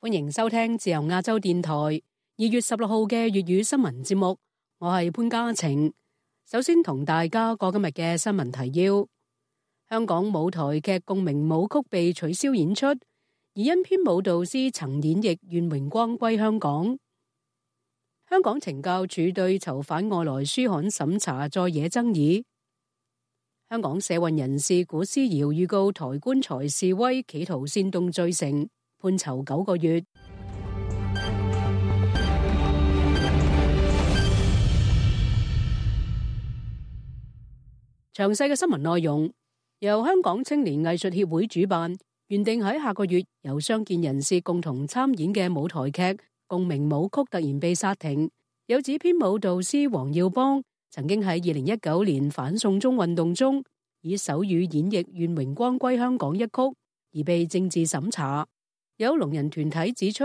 歡迎收聽自由亞洲電台二月十六號嘅粵語新聞節目，我係潘家晴。首先同大家過今日嘅新聞提要：香港舞台劇《共鳴舞曲》被取消演出，疑因編舞導師曾演繹《願榮光歸香港》。香港懲教署對囚犯外來書刊審查再惹爭議。香港社運人士古思堯預告抬棺材示威，企圖煽動罪成。判囚九個月。詳細嘅新聞內容。由香港青年藝術協會主辦，原定喺下個月由傷健人士共同參演嘅舞台劇《共鳴舞曲》突然被殺停。有指編舞導師黃耀邦曾經喺二零一九年反送中運動中以手語演繹《願榮光歸香港》一曲，而被政治審查。有聾人團體指出，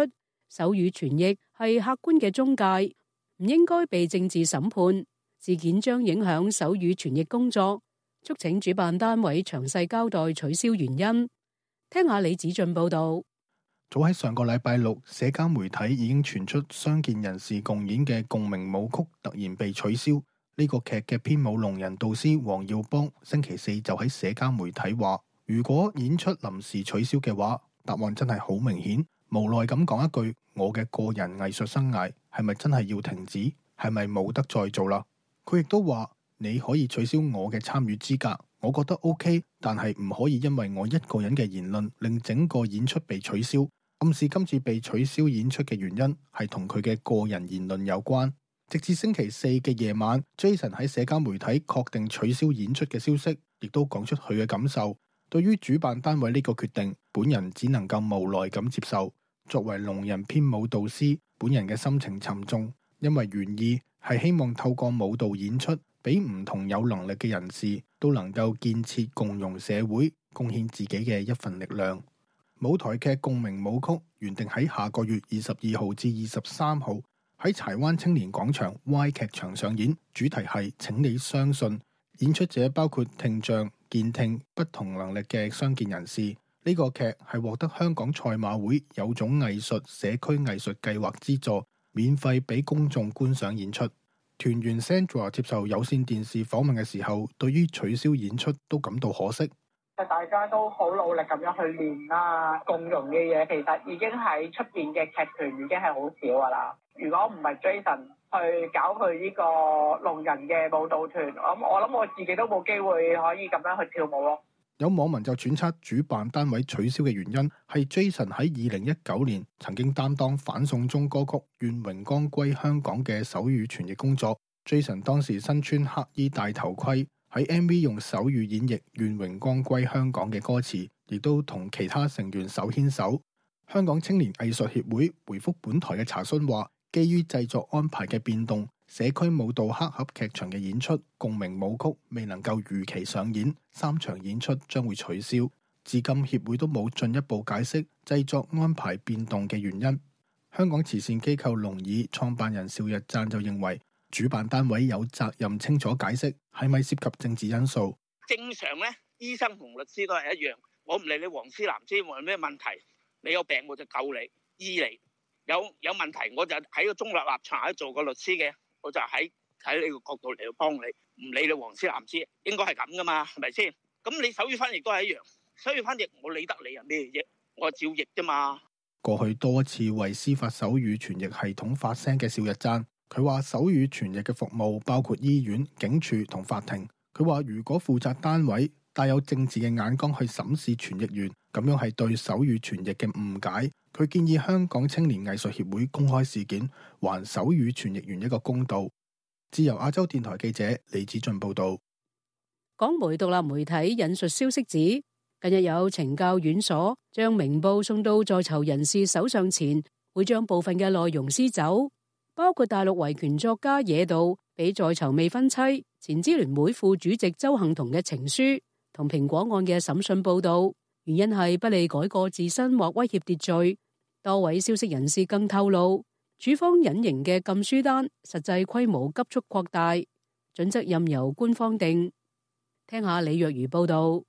手語傳譯係客觀嘅中介，唔應該被政治審判。事件將影響手語傳譯工作，促請主辦單位詳細交代取消原因。聽下李子俊報道。早喺上個禮拜六，社交媒體已經傳出雙健人士共演嘅共鳴舞曲突然被取消。呢個劇嘅編舞聾人導師黃耀邦星期四就喺社交媒體話，如果演出臨時取消嘅話，答案真係好明顯，無奈咁講一句，我嘅個人藝術生涯係咪真係要停止，係咪冇得再做啦？佢亦都話，你可以取消我嘅參與資格，我覺得 OK，但係唔可以因為我一個人嘅言論令整個演出被取消。暗示今次被取消演出嘅原因係同佢嘅個人言論有關。直至星期四嘅夜晚，Jason 喺社交媒體確定取消演出嘅消息，亦都講出佢嘅感受。對於主辦單位呢個決定，本人只能夠無奈咁接受。作為聾人編舞導師，本人嘅心情沉重，因為原意係希望透過舞蹈演出，俾唔同有能力嘅人士，都能夠建設共融社會，貢獻自己嘅一份力量。舞台劇《共鳴舞曲》原定喺下個月二十二號至二十三號喺柴灣青年廣場 Y 劇場上演，主題係「請你相信」。演出者包括聽障、健聽不同能力嘅傷健人士。呢、這個劇係獲得香港賽馬會有種藝術社區藝術計劃資助，免費俾公眾觀賞演出。團員 Sandra 接受有線電視訪問嘅時候，對於取消演出都感到可惜。大家都好努力咁樣去練啦、啊，共融嘅嘢其實已經喺出邊嘅劇團已經係好少噶啦。如果唔係 Jason 去搞佢呢個聾人嘅舞蹈團，咁我諗我，我自己都冇機會可以咁樣去跳舞咯、啊。有網民就揣測，主辦單位取消嘅原因係 Jason 喺二零一九年曾經擔當反送中歌曲《願榮光歸香港》嘅手語傳譯工作。Jason 當時身穿黑衣戴頭盔。喺 MV 用手語演繹《願榮光歸香港》嘅歌詞，亦都同其他成員手牽手。香港青年藝術協會回覆本台嘅查詢話，基於製作安排嘅變動，社區舞蹈黑盒劇場嘅演出《共鳴舞曲》未能夠如期上演，三場演出將會取消。至今協會都冇進一步解釋製作安排變動嘅原因。香港慈善機構龍耳創辦人邵日讚就認為。主辦單位有責任清楚解釋，係咪涉及政治因素？正常咧，醫生同律師都係一樣，我唔理你黃絲藍絲有咩問題，你有病我就救你醫你，有有問題我就喺個中立立場做個律師嘅，我就喺喺呢個角度嚟到幫你，唔理你黃絲藍絲，應該係咁噶嘛，係咪先？咁你手語翻譯亦都係一樣，手語翻譯我理得你啊咩嘢。我照譯啫嘛。過去多次為司法手語傳譯系統發聲嘅邵日贊。佢話手語傳譯嘅服務包括醫院、警署同法庭。佢話如果負責單位帶有政治嘅眼光去審視傳譯員，咁樣係對手語傳譯嘅誤解。佢建議香港青年藝術協會公開事件，還手語傳譯員一個公道。自由亞洲電台記者李子俊報道。港媒獨立媒體引述消息指，近日有懲教院所將明報送到在囚人士手上前，會將部分嘅內容撕走。包括大陸維權作家野渡俾在囚未婚妻前支聯會副主席鄒幸彤嘅情書，同蘋果案嘅審訊報道。原因係不利改過自身或威脅秩序。多位消息人士更透露，署方隱形嘅禁書單實際規模急速擴大，準則任由官方定。聽下李若如報道。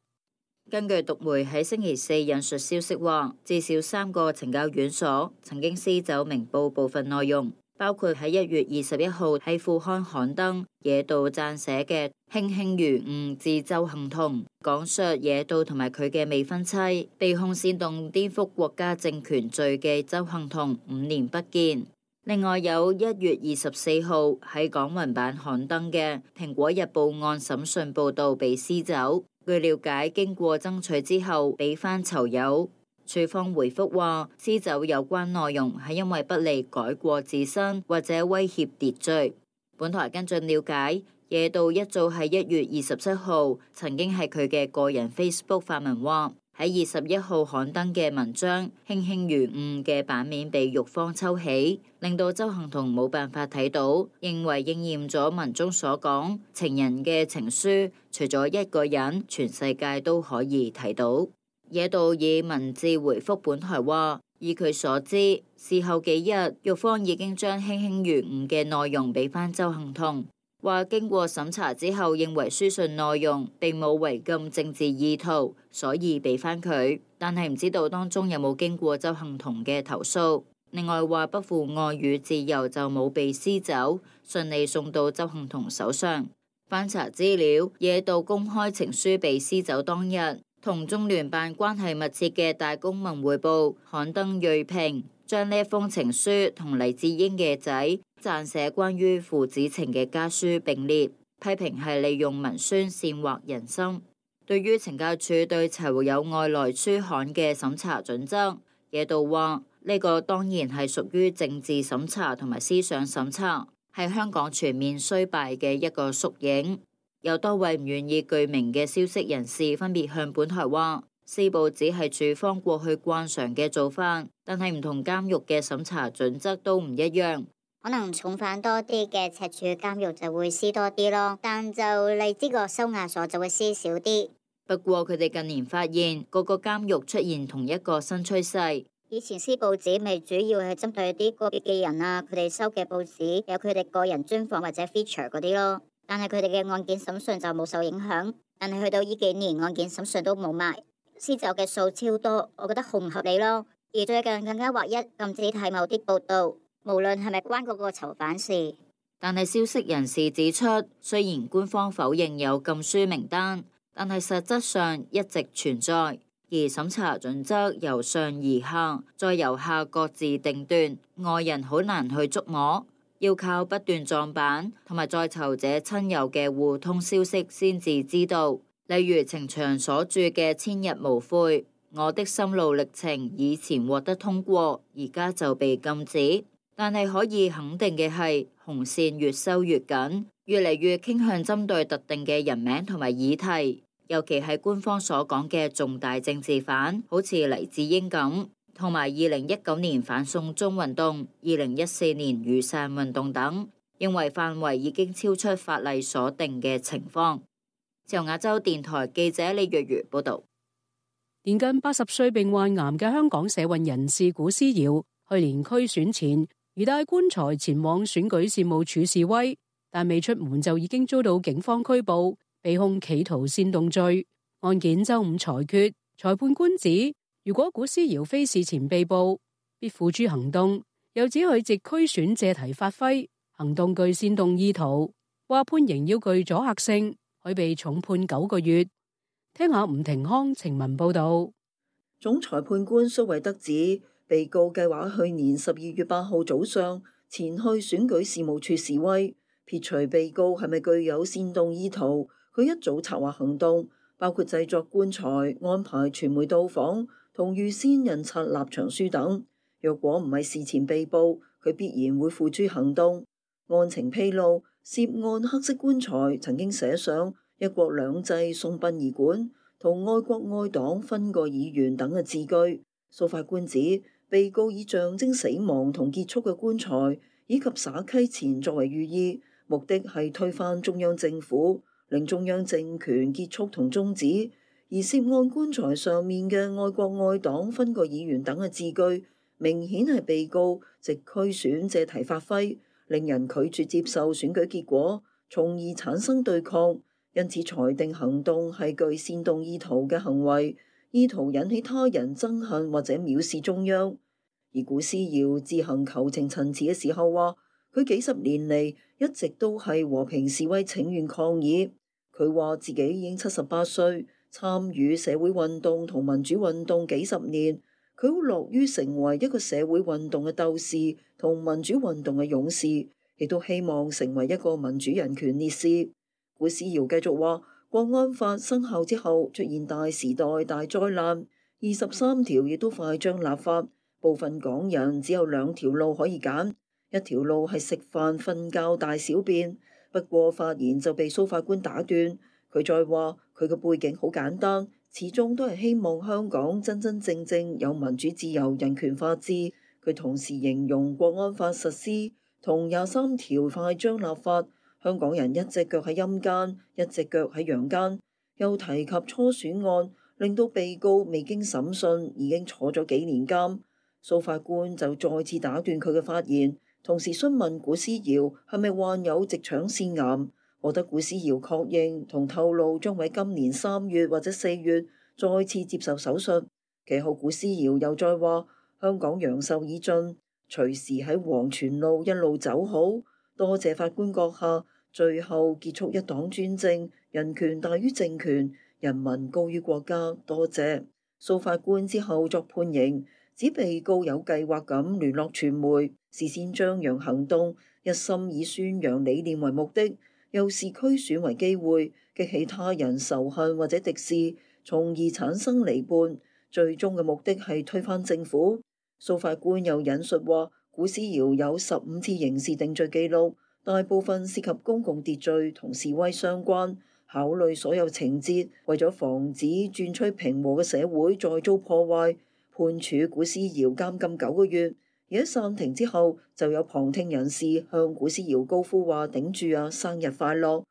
根據獨媒喺星期四引述消息話，至少三個懲教院所曾經撕走明報部分內容。包括喺一月二十一號喺副刊刊登野渡撰寫嘅《卿卿如晤》致鄒幸彤，講述野渡同埋佢嘅未婚妻被控煽動顛覆國家政權罪嘅鄒幸彤五年不見。另外有一月二十四號喺港聞版刊登嘅《蘋果日報》案審訊報導被撕走，據了解經過爭取之後畀返囚友。署方回覆話：撕走有關內容係因為不利改過自身或者威脅秩序。本台跟進了解，野渡一早喺一月二十七號曾經係佢嘅個人 Facebook 發文話喺二十一號刊登嘅文章卿卿如晤嘅版面被獄方抽起，令到鄒幸彤冇辦法睇到，認為應驗咗文中所講情人嘅情書，除咗一個人，全世界都可以睇到。野渡以文字回覆本台話，以佢所知，事後幾日獄方已經將卿卿如晤嘅內容俾翻鄒幸彤，話經過審查之後認為書信內容並冇違禁政治意圖，所以俾翻佢。但係唔知道當中有冇經過鄒幸彤嘅投訴。另外話不負愛與自由就冇被撕走，順利送到鄒幸彤手上。翻查資料，野渡公開情書被撕走當日，同中聯辦關係密切嘅大公文匯報刊登銳評，將呢一封情書同黎智英嘅仔撰寫關於父子情嘅家書並列，批評係利用文宣煽惑人心。對於懲教署對持有外來書刊嘅審查準則，野渡話呢個當然係屬於政治審查同埋思想審查，係香港全面衰敗嘅一個縮影。有多位唔願意具名嘅消息人士分別向本台話：撕報紙係署方過去慣常嘅做法，但係唔同監獄嘅審查準則都唔一樣，可能重犯多啲嘅赤柱監獄就會撕多啲咯，但就荔枝角收押所就會撕少啲。不過佢哋近年發現，各個監獄出現同一個新趨勢，以前撕報紙咪主要係針對一啲個別嘅人啊，佢哋收嘅報紙有佢哋個人專訪或者 feature 嗰啲咯。但係佢哋嘅案件審訊就冇受影響，但係去到呢幾年案件審訊都冇埋，撕走嘅數超多，我覺得好唔合理咯。而最近更加劃一，禁止睇某啲報道，無論係咪關嗰個囚犯事。但係消息人士指出，雖然官方否認有禁書名單，但係實質上一直存在，而審查準則由上而下，再由下各自定斷，外人好難去捉摸。要靠不斷撞板同埋在囚者親友嘅互通消息先至知道，例如程翔所著嘅千日無悔，我的心路歷程，以前獲得通過，而家就被禁止。但係可以肯定嘅係，紅線越收越緊，越嚟越傾向針對特定嘅人名同埋議題，尤其係官方所講嘅重大政治犯，好似黎智英咁。同埋二零一九年反送中運動、二零一四年雨傘運動等，認為範圍已經超出法例所定嘅情況。自由亞洲電台記者李若如報道，年近八十歲並患癌嘅香港社運人士古思堯，去年區選前而帶棺材前往選舉事務處示威，但未出門就已經遭到警方拘捕，被控企圖煽動罪。案件周五裁決，裁判官指：如果古思堯非事前被捕，必付諸行動，又指佢直區選借題發揮，行動具煽動意圖。話判刑要具阻吓性，可以被重判九個月。聽下吳庭康、程文報道，總裁判官蘇維德指，被告計劃去年十二月八號早上前去選舉事務處示威，撇除被告係咪具有煽動意圖，佢一早策劃行動，包括製作棺材、安排傳媒到訪。同預先印刷立場書等，若果唔係事前被捕，佢必然會付諸行動。案情披露，涉案黑色棺材曾經寫上一國兩制、送殯儀館同愛國愛黨分割議員等嘅字句。訴法官指，被告以象徵死亡同結束嘅棺材以及灑溪錢作為寓意，目的係推翻中央政府，令中央政權結束同終止。而涉案棺材上面嘅愛國愛黨、分個議員等嘅字句，明顯係被告直區選借題發揮，令人拒絕接受選舉結果，從而產生對抗。因此裁定行動係具煽動意圖嘅行為，意圖引起他人憎恨或者藐視中央。而古思堯自行求情陳詞嘅時候話：，佢幾十年嚟一直都係和平示威、請願抗議。佢話自己已經七十八歲。參與社會運動同民主運動幾十年，佢好樂於成為一個社會運動嘅鬥士同民主運動嘅勇士，亦都希望成為一個民主人權烈士。古思堯繼續話：《國安法》生效之後出現大時代大災難，二十三條亦都快將立法，部分港人只有兩條路可以揀，一條路係食飯瞓覺大小便。不過發言就被蘇法官打斷，佢再話。佢嘅背景好簡單，始終都係希望香港真真正正有民主、自由、人權、法治。佢同時形容《國安法》實施同廿三條快將立法，香港人一隻腳喺陰間，一隻腳喺陽間。又提及初選案，令到被告未經審訊已經坐咗幾年監。蘇法官就再次打斷佢嘅發言，同時詢問古思堯係咪患有直腸腺癌。我得古思堯確認同透露，將於今年三月或者四月再次接受手術。其後古思堯又再話：香港陽壽已盡，隨時喺黃泉路一路走好。多謝法官閣下。最後結束一黨專政，人權大於政權，人民高於國家。多謝。訴法官之後作判刑，指被告有計劃咁聯絡傳媒，事先張揚行動，一心以宣揚理念為目的。又是區選為機會，激起他人仇恨或者敵視，從而產生離叛。最終嘅目的係推翻政府。訴法官又引述話，古思堯有十五次刑事定罪記錄，大部分涉及公共秩序同示威相關。考慮所有情節，為咗防止轉趨平和嘅社會再遭破壞，判處古思堯監禁九個月。而喺暫停之後，就有旁聽人士向古思堯高呼話：頂住啊！生日快樂！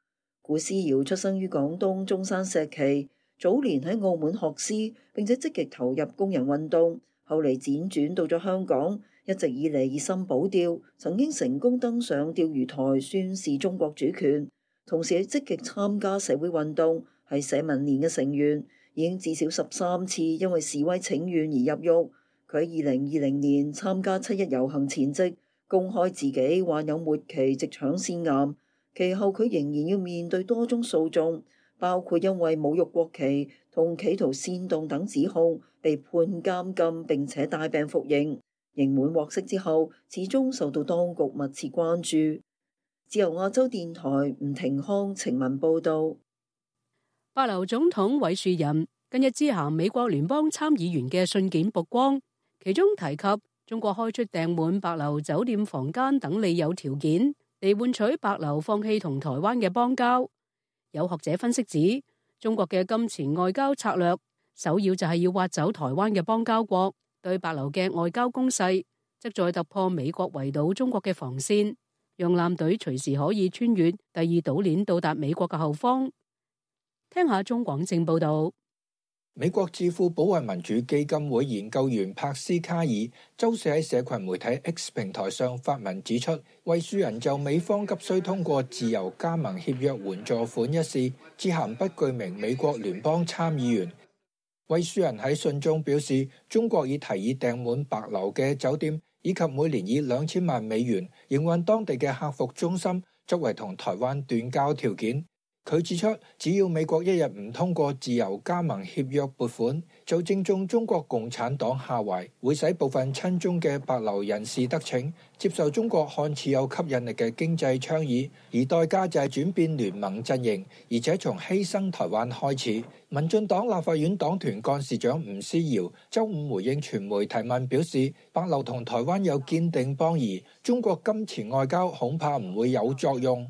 古思堯出生於廣東中山石岐，早年喺澳門學師，並且積極投入工人運動。後嚟輾轉到咗香港，一直以嚟熱心保釣，曾經成功登上釣魚台宣示中國主權。同時，佢積極參加社會運動，係社民連嘅成員，已經至少十三次因為示威請願而入獄。佢二零二零年參加七一遊行前夕，公開自己患有末期直腸腺癌。其後佢仍然要面對多宗訴訟，包括因為侮辱國旗同企圖煽動等指控，被判監禁並且帶病服刑。刑滿獲釋之後，始終受到當局密切關注。自由亞洲電台吳庭康情文報道，巴流總統委書任近日致函美國聯邦參議員嘅信件曝光。其中提及中國開出訂滿帛琉酒店房間等理由條件，嚟換取帛琉放棄同台灣嘅邦交。有學者分析指，中國嘅金錢外交策略首要就係要挖走台灣嘅邦交國，對帛琉嘅外交攻勢，則在突破美國圍堵中國嘅防線，讓艦隊隨時可以穿越第二島鏈到達美國嘅後方。聽下中廣正報道。美國智庫保衛民主基金會研究員帕斯卡爾周四喺社群媒體 X 平台上發文指出，魏數人就美方急需通過自由加盟協約援助款一事，致函不具名美國聯邦參議員。魏數人喺信中表示，中國已提議訂滿白樓嘅酒店，以及每年以兩千萬美元營運當地嘅客服中心，作為同台灣斷交條件。佢指出，只要美國一日唔通過自由加盟協約撥款，就正中中國共產黨下懷，會使部分親中嘅帛琉人士得逞，接受中國看似有吸引力嘅經濟倡議，而代價就係轉變聯盟陣營，而且從犧牲台灣開始。民進黨立法院黨團幹事長吳思瑤週五回應傳媒提問表示，帛琉同台灣有堅定邦誼，中國金錢外交恐怕唔會有作用。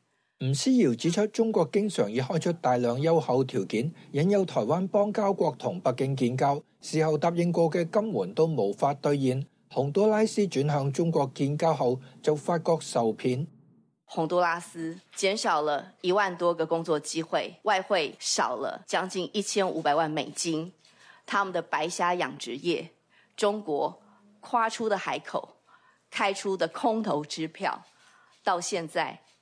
吳思堯指出，中國經常以開出大量優厚條件，引誘台灣邦交國同北京建交，事後答應過嘅金援都無法兌現。洪都拉斯轉向中國建交後，就發覺受騙。洪都拉斯減少了一萬多個工作機會，外匯少了將近一千五百萬美金。他們的白蝦養殖業，中國誇出的海口開出的空頭支票，到現在。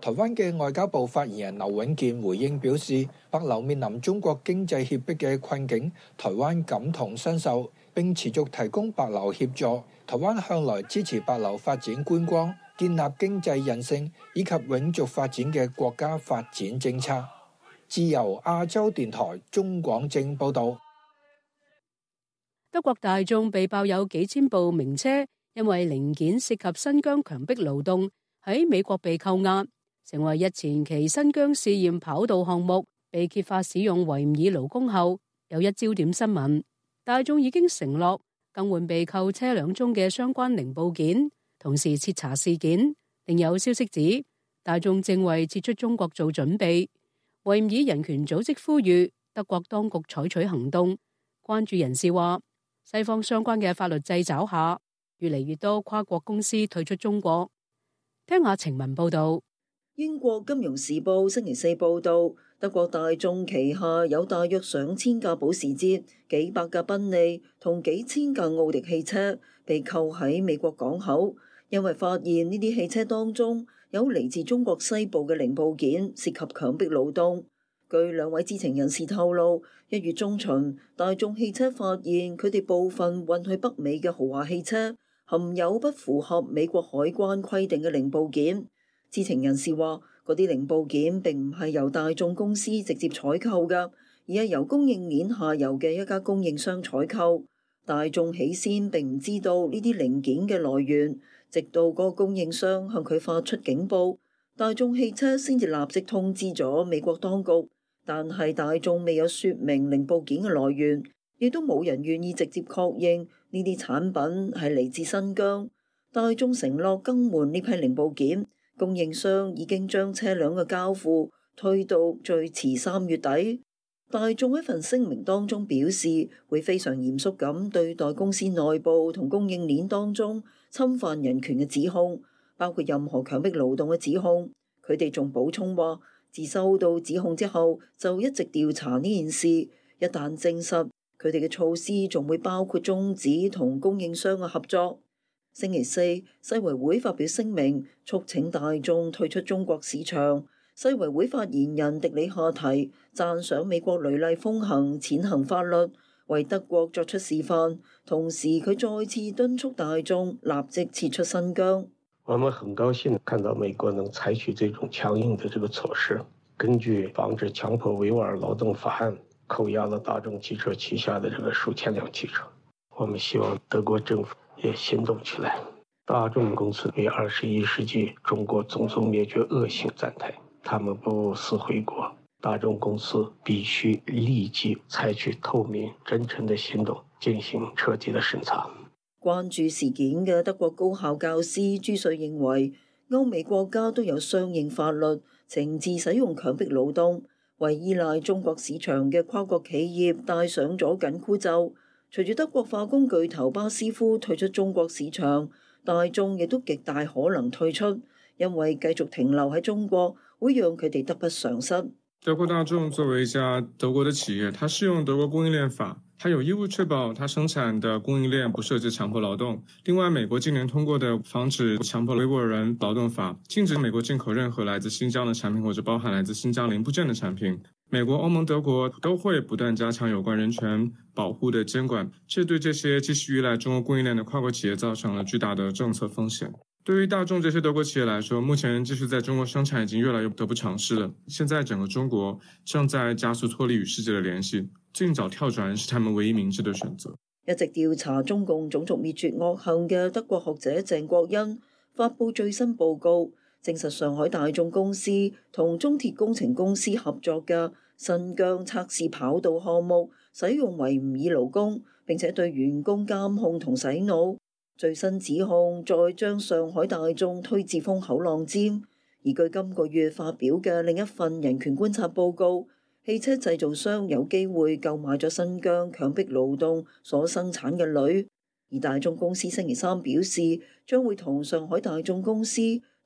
台灣嘅外交部發言人劉永健回應表示，帛琉面臨中國經濟脅迫嘅困境，台灣感同身受，並持續提供帛琉協助。台灣向來支持帛琉發展觀光、建立經濟韌性以及永續發展嘅國家發展政策。自由亞洲電台中廣正報道，德國大眾被爆有幾千部名車，因為零件涉及新疆強迫勞動，喺美國被扣押。成為日前其新疆試驗跑道項目被揭發使用維吾爾勞工後，有一焦點新聞。大眾已經承諾更換被扣車輛中嘅相關零部件，同時徹查事件。另有消息指，大眾正為撤出中國做準備。維吾爾人權組織呼籲德國當局採取行動。關注人士話，西方相關嘅法律掣肘下，越嚟越多跨國公司退出中國。聽下晴文報道。英國金融時報星期四報道，德國大眾旗下有大約上千架保時捷、幾百架賓利同幾千架奧迪汽車被扣喺美國港口，因為發現呢啲汽車當中有嚟自中國西部嘅零部件涉及強迫勞動。據兩位知情人士透露，一月中旬，大眾汽車發現佢哋部分運去北美嘅豪華汽車含有不符合美國海關規定嘅零部件。知情人士話：嗰啲零部件並唔係由大眾公司直接採購嘅，而係由供應鏈下游嘅一家供應商採購。大眾起先並唔知道呢啲零件嘅來源，直到個供應商向佢發出警報，大眾汽車先至立即通知咗美國當局。但係大眾未有説明零部件嘅來源，亦都冇人願意直接確認呢啲產品係嚟自新疆。大眾承諾更換呢批零部件。供應商已經將車輛嘅交付推到最遲三月底。大眾一份聲明當中表示，會非常嚴肅咁對待公司內部同供應鏈當中侵犯人權嘅指控，包括任何強迫勞動嘅指控。佢哋仲補充話，自收到指控之後就一直調查呢件事。一旦證實，佢哋嘅措施仲會包括中止同供應商嘅合作。星期四，世維會發表聲明，促請大眾退出中國市場。世維會發言人迪里夏提讚賞美國雷厲風行、踐行法律，為德國作出示範。同時，佢再次敦促大眾立即撤出新疆。我們很高興看到美國能採取這種強硬的這個措施，根據《防止強迫維吾爾勞動法案》，扣押了大眾汽車旗下的這個數千輛汽車。我們希望德國政府。也行動起來。大眾公司被二十一世紀中國種族滅絕惡性站台，他們不思悔過。大眾公司必須立即採取透明、真誠的行動，進行徹底的審查。關注事件嘅德國高校教師朱瑞認為，歐美國家都有相應法律懲治使用強迫勞動，為依賴中國市場嘅跨國企業戴上咗緊箍咒。隨住德國化工巨頭巴斯夫退出中國市場，大眾亦都極大可能退出，因為繼續停留喺中國會讓佢哋得不償失。德國大眾作為一家德國的企業，它適用德國供應鏈法，它有義務確保它生產的供應鏈不涉及強迫勞動。另外，美國今年通過的防止強迫維吾爾人勞動法，禁止美國進口任何來自新疆的產品或者包含來自新疆零部件的產品。美國、歐盟、德國都會不斷加強有關人權保護的監管，這對這些繼續依賴中國供應鏈的跨國企業造成了巨大的政策風險。對於大眾這些德國企業來說，目前繼續在中國生產已經越來越得不償失了。現在整個中國正在加速脫離與世界的聯繫，盡早跳船是他們唯一明智的選擇。一直調查中共種族滅絕惡行嘅德國學者鄭國恩發布最新報告。證實上海大眾公司同中鐵工程公司合作嘅新疆測試跑道項目使用維吾爾勞工，並且對員工監控同洗腦。最新指控再將上海大眾推至風口浪尖。而據今個月發表嘅另一份人權觀察報告，汽車製造商有機會購買咗新疆強迫勞動所生產嘅鋁。而大眾公司星期三表示，將會同上海大眾公司，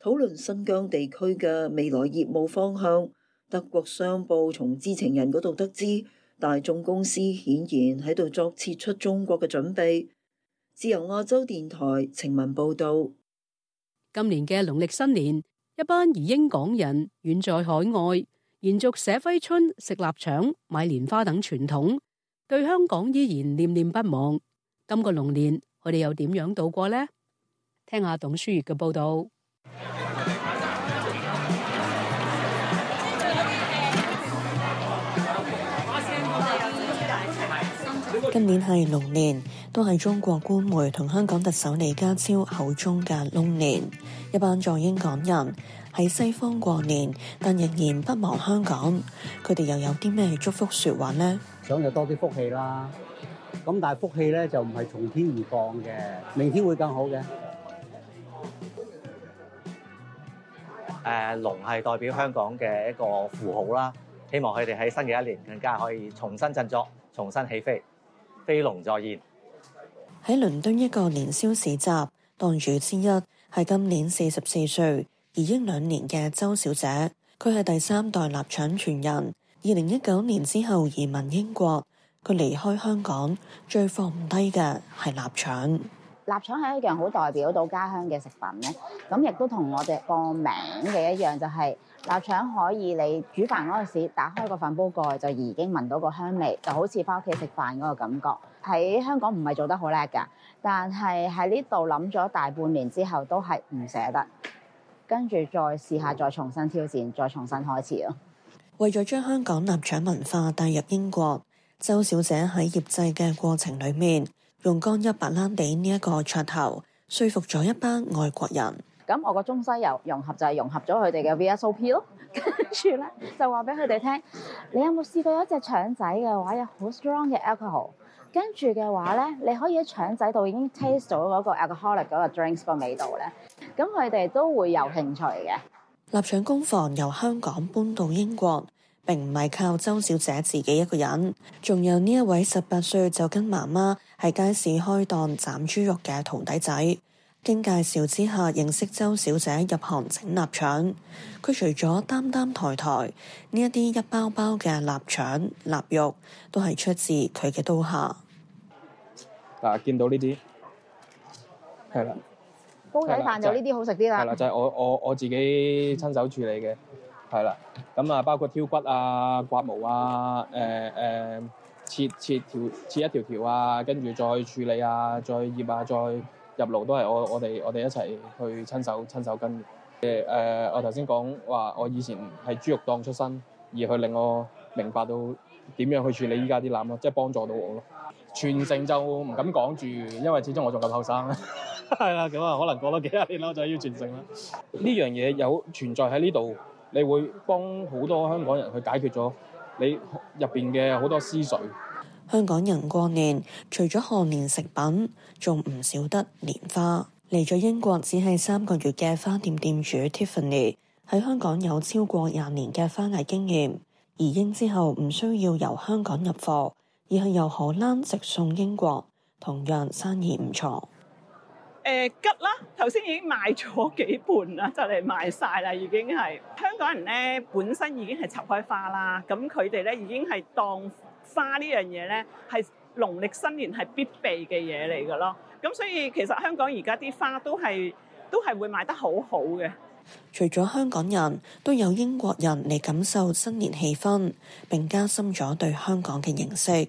討論新疆地區嘅未來業務方向。德國商報從知情人嗰度得知，大眾公司顯然喺度作撤出中國嘅準備。自由亞洲電台情文報道，今年嘅農曆新年，一班移英港人遠在海外，延續寫揮春、食臘腸、買蓮花等傳統，對香港依然念念不忘。今個龍年，我哋又點樣度過呢？聽下董書月嘅報道。今年係龍年，都係中國官媒同香港特首李家超口中嘅龍年。一班在英港人喺西方過年，但仍然不忘香港。佢哋又有啲咩祝福說話呢？想有多啲福氣啦。咁但係福氣咧就唔係從天而降嘅，明天會更好嘅。誒龍係代表香港嘅一個符號啦，希望佢哋喺新嘅一年更加可以重新振作、重新起飛，飛龍在天。喺倫敦一個年宵市集，檔主之一係今年四十四歲，移英兩年嘅周小姐，佢係第三代臘腸傳人。二零一九年之後移民英國，佢離開香港最放唔低嘅係臘腸。臘腸係一樣好代表到家鄉嘅食品咧，咁亦都同我哋個名嘅一樣，就係臘腸可以你煮飯嗰陣時打開個飯煲蓋就已經聞到個香味，就好似翻屋企食飯嗰個感覺。喺香港唔係做得好叻㗎，但係喺呢度諗咗大半年之後都係唔捨得，跟住再試下再重新挑戰，再重新開始咯。為咗將香港臘腸文化帶入英國，周小姐喺醃製嘅過程裡面。用乾邑白蘭地呢一個噱頭，說服咗一班外國人。咁我個中西油融合就係融合咗佢哋嘅 V S O P 咯，跟住咧就話俾佢哋聽，你有冇試過一隻腸有一隻腸仔嘅話有好 strong 嘅 alcohol，跟住嘅話咧，你可以喺腸仔度已經 taste 咗嗰個 alcoholic 嗰個 drinks 個味道咧，咁佢哋都會有興趣嘅。臘腸工房由香港搬到英國。並唔係靠周小姐自己一個人，仲有呢一位十八歲就跟媽媽喺街市開檔斬豬肉嘅徒弟仔，經介紹之下認識周小姐入行整臘腸。佢除咗擔擔抬抬呢一啲一包包嘅臘腸臘肉，都係出自佢嘅刀下。嗱，見到呢啲？係啦，煲仔飯就呢啲好食啲啦。係啦，就係、係，我我我自己親手處理嘅，係啦。咁啊，包括挑骨啊、刮毛啊、誒、呃、誒、呃、切切條切一條條啊，跟住再處理啊、再醃啊、再入爐都係我我哋我哋一齊去親手親手跟嘅。誒、呃、我頭先講話，我以前係豬肉檔出身，而去令我明白到點樣去處理依家啲腩咯，即係幫助到我咯。傳承就唔敢講住，因為始終我仲咁後生，係啦。 咁啊，可能過多幾廿年，我就要傳承啦。呢樣嘢有存在喺呢度。你會幫好多香港人去解決咗你入邊嘅好多思緒。香港人過年除咗賀年食品，仲唔少得年花。嚟咗英國只係三個月嘅花店店主 Tiffany 喺香港有超過廿年嘅花藝經驗，移英之後唔需要由香港入貨，而係由荷蘭直送英國，同樣生意唔錯。誒桔啦，頭先已經賣咗幾盆啦，就嚟賣晒啦，已經係香港人咧，本身已經係插開花啦，咁佢哋咧已經係當花呢樣嘢咧，係農曆農曆新年係必備嘅嘢嚟㗎囉。咁所以其實香港而家啲花都係都係會賣得好好嘅。除咗香港人，都有英國人嚟感受新年氣氛，並加深咗對香港嘅認識。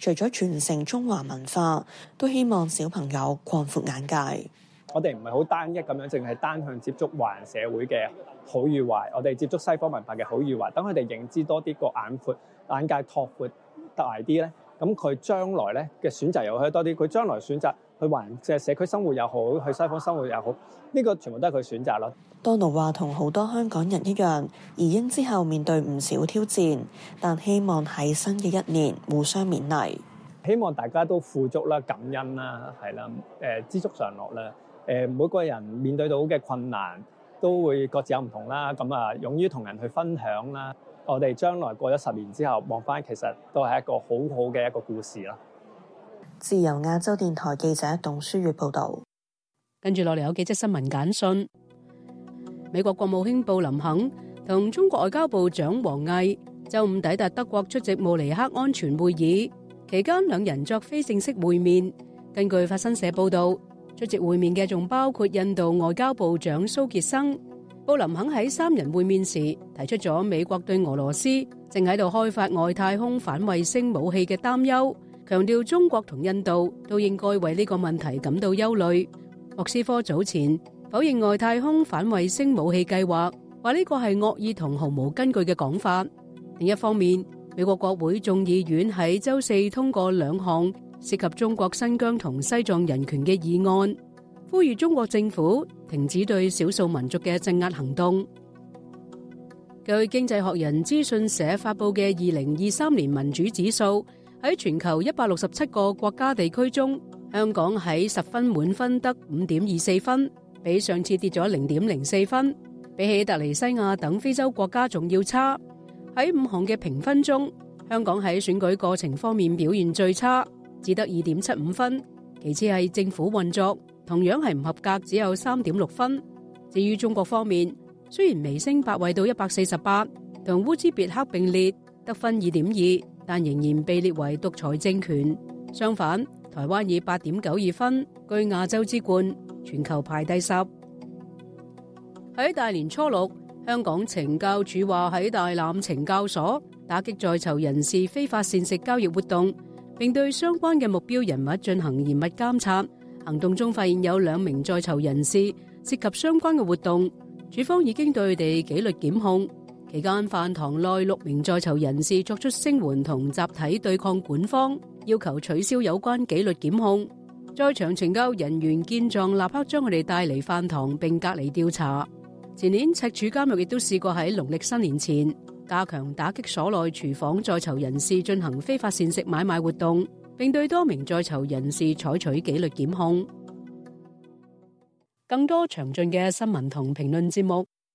除咗傳承中華文化，都希望小朋友擴闊眼界。我哋唔係好單一咁樣，淨係單向接觸華人社會嘅好與壞。我哋接觸西方文化嘅好與壞，等佢哋認知多啲，個眼闊眼界拓闊大啲咧。咁佢將來咧嘅選擇又可以多啲。佢將來選擇。去環即係社區生活又好，去西方生活又好，呢、這個全部都係佢選擇咯。Donald 話：同好多香港人一樣，移英之後面對唔少挑戰，但希望喺新嘅一年互相勉勵。希望大家都富足啦、感恩啦、係啦、誒、呃、知足常樂啦。誒、呃、每個人面對到嘅困難都會各自有唔同啦。咁啊，勇於同人去分享啦、啊。我哋將來過咗十年之後望返，其實都係一個好好嘅一個故事啦。啊自由亞洲電台記者董書月報道，跟住落嚟有幾則新聞簡訊。美國國務卿布林肯同中國外交部長王毅周五抵達德國出席慕尼黑安全會議，期間兩人作非正式會面。根據法新社報道，出席會面嘅仲包括印度外交部長蘇傑生。布林肯喺三人會面時提出咗美國對俄羅斯正喺度開發外太空反衛星武器嘅擔憂。強調中國同印度都應該為呢個問題感到憂慮。莫斯科早前否認外太空反衛星武器計劃，話呢個係惡意同毫無根據嘅講法。另一方面，美國國會眾議院喺周四通過兩項涉及中國新疆同西藏人權嘅議案，呼籲中國政府停止對少數民族嘅鎮壓行動。據《經濟學人》資訊社發布嘅二零二三年民主指數。喺全球一百六十七個國家地區中，香港喺十分滿分得五點二四分，比上次跌咗零點零四分，比起特尼西亞等非洲國家仲要差。喺五項嘅評分中，香港喺選舉過程方面表現最差，只得二點七五分。其次係政府運作，同樣係唔合格，只有三點六分。至於中國方面，雖然微升八位到一百四十八，同烏茲別克並列，得分二點二。但仍然被列為獨裁政權。相反，台灣以八點九二分居亞洲之冠，全球排第十。喺大年初六，香港懲教署話喺大欖懲教所打擊在囚人士非法膳食交易活動，並對相關嘅目標人物進行嚴密監察。行動中發現有兩名在囚人士涉及相關嘅活動，署方已經對佢哋紀律檢控。期間，飯堂內六名在囚人士作出聲援同集體對抗管方，要求取消有關紀律檢控。在場懲教人員見狀，立刻將佢哋帶離飯堂，並隔離調查。前年赤柱監獄亦都試過喺農曆新年前加強打擊所內廚房在囚人士進行非法膳食買賣活動，並對多名在囚人士採取紀律檢控。更多詳盡嘅新聞同評論節目。